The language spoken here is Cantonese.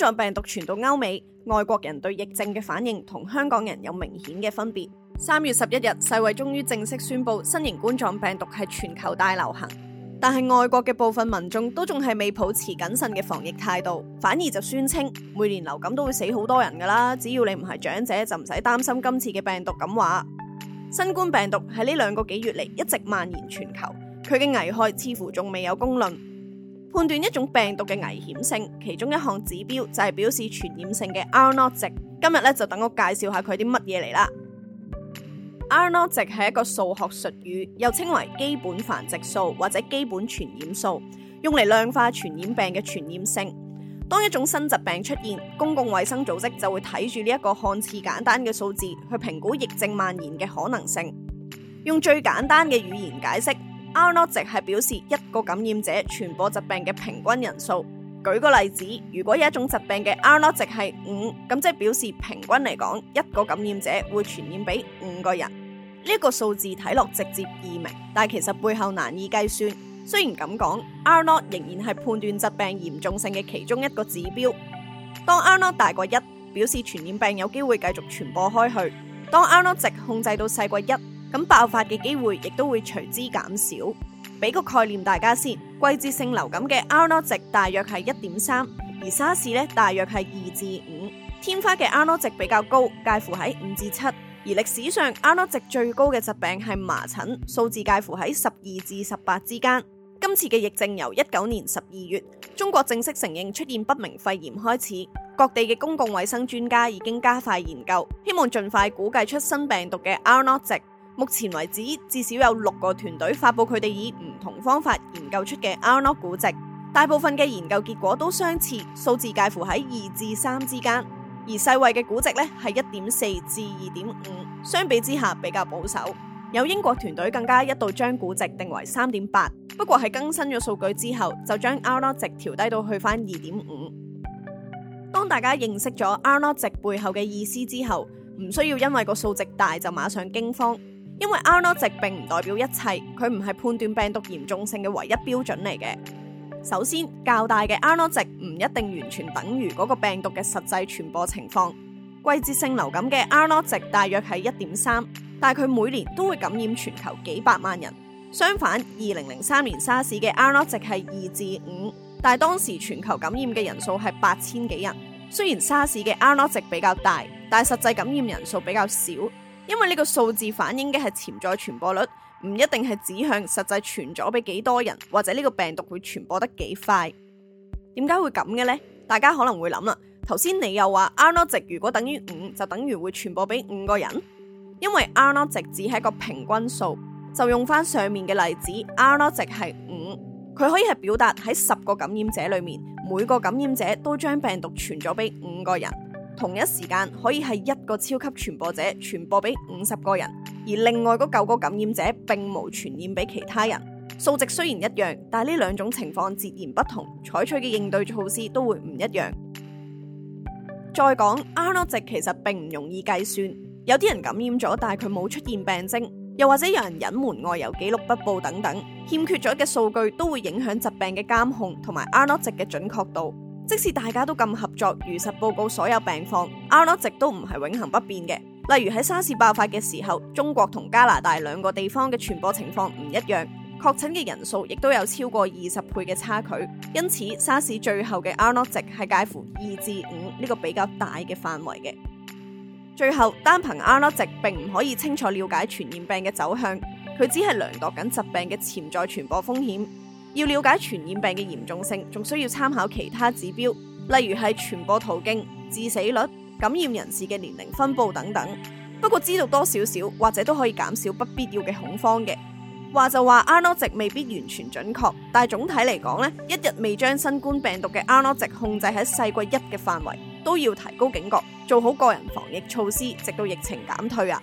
冠狀病毒傳到歐美，外國人對疫症嘅反應同香港人有明顯嘅分別。三月十一日，世衛終於正式宣佈新型冠狀病毒係全球大流行，但係外國嘅部分民眾都仲係未保持謹慎嘅防疫態度，反而就宣稱每年流感都會死好多人噶啦，只要你唔係長者就唔使擔心今次嘅病毒。咁話新冠病毒喺呢兩個幾月嚟一直蔓延全球，佢嘅危害似乎仲未有公論。判斷一種病毒嘅危險性，其中一項指標就係表示傳染性嘅 R nought 值。今日咧就等我介紹下佢啲乜嘢嚟啦。R nought 值係一個數學術語，又稱為基本繁殖數或者基本傳染數，用嚟量化傳染病嘅傳染性。當一種新疾病出現，公共衛生組織就會睇住呢一個看似簡單嘅數字去評估疫症蔓延嘅可能性。用最簡單嘅語言解釋。R nought 值係表示一個感染者傳播疾病嘅平均人數。舉個例子，如果有一種疾病嘅 R nought 值係五，咁即係表示平均嚟講，一個感染者會傳染俾五個人。呢、這個數字睇落直接易明，但其實背後難以計算。雖然咁講，R nought 仍然係判斷疾病嚴重性嘅其中一個指標。當 R nought 大過一，表示傳染病有機會繼續傳播開去；當 R nought 值控制到細過一，咁爆發嘅機會亦都會隨之減少。俾個概念大家先，季節性流感嘅 R0 值大約係一點三，而沙士呢，大約係二至五。天花嘅 R0 值比較高，介乎喺五至七。而歷史上 R0 值最高嘅疾病係麻疹，數字介乎喺十二至十八之間。今次嘅疫症由一九年十二月，中國正式承認出現不明肺炎開始，各地嘅公共衛生專家已經加快研究，希望盡快估計出新病毒嘅 R0 值。目前為止，至少有六個團隊發布佢哋以唔同方法研究出嘅 R0 估值。大部分嘅研究結果都相似，數字介乎喺二至三之間。而世衛嘅估值咧係一點四至二點五，相比之下比較保守。有英國團隊更加一度將估值定為三點八，不過係更新咗數據之後就將 R0 值調低到去翻二點五。當大家認識咗 R0 值背後嘅意思之後，唔需要因為個數值大就馬上驚慌。因為 R nought 值並唔代表一切，佢唔係判斷病毒嚴重性嘅唯一標準嚟嘅。首先，較大嘅 R nought 值唔一定完全等於嗰個病毒嘅實際傳播情況。季節性流感嘅 R nought 值大約係一點三，但係佢每年都會感染全球幾百萬人。相反，二零零三年沙士嘅 R nought 值係二至五，但係當時全球感染嘅人數係八千幾人。雖然沙士嘅 R nought 值比較大，但係實際感染人數比較少。因為呢個數字反映嘅係潛在傳播率，唔一定係指向實際傳咗俾幾多人，或者呢個病毒會傳播得幾快。點解會咁嘅呢？大家可能會諗啦。頭先你又話 R0 值如果等於五，就等於會傳播俾五個人。因為 R0 值只係一個平均數，就用翻上面嘅例子，R0 值係五，佢可以係表達喺十個感染者裏面，每個感染者都將病毒傳咗俾五個人。同一時間可以係一個超級傳播者傳播俾五十個人，而另外嗰九個感染者並無傳染俾其他人。數值雖然一樣，但係呢兩種情況截然不同，採取嘅應對措施都會唔一樣。再講 R0 值其實並唔容易計算，有啲人感染咗但係佢冇出現病徵，又或者有人隱瞞外遊記錄不報等等，欠缺咗嘅數據都會影響疾病嘅監控同埋 R0 值嘅準確度。即使大家都咁合作如實報告所有病況，R nought 值都唔係永恒不變嘅。例如喺沙士爆發嘅時候，中國同加拿大兩個地方嘅傳播情況唔一樣，確診嘅人數亦都有超過二十倍嘅差距。因此，沙士最後嘅 R nought 值係介乎二至五呢個比較大嘅範圍嘅。最後，單憑 R nought 值並唔可以清楚了解傳染病嘅走向，佢只係量度緊疾病嘅潛在傳播風險。要了解傳染病嘅嚴重性，仲需要參考其他指標，例如係傳播途徑、致死率、感染人士嘅年齡分佈等等。不過知道多少少，或者都可以減少不必要嘅恐慌嘅。話就話 R0 值未必完全準確，但係總體嚟講咧，一日未將新冠病毒嘅 R0 值控制喺細過一嘅範圍，都要提高警覺，做好個人防疫措施，直到疫情減退啊！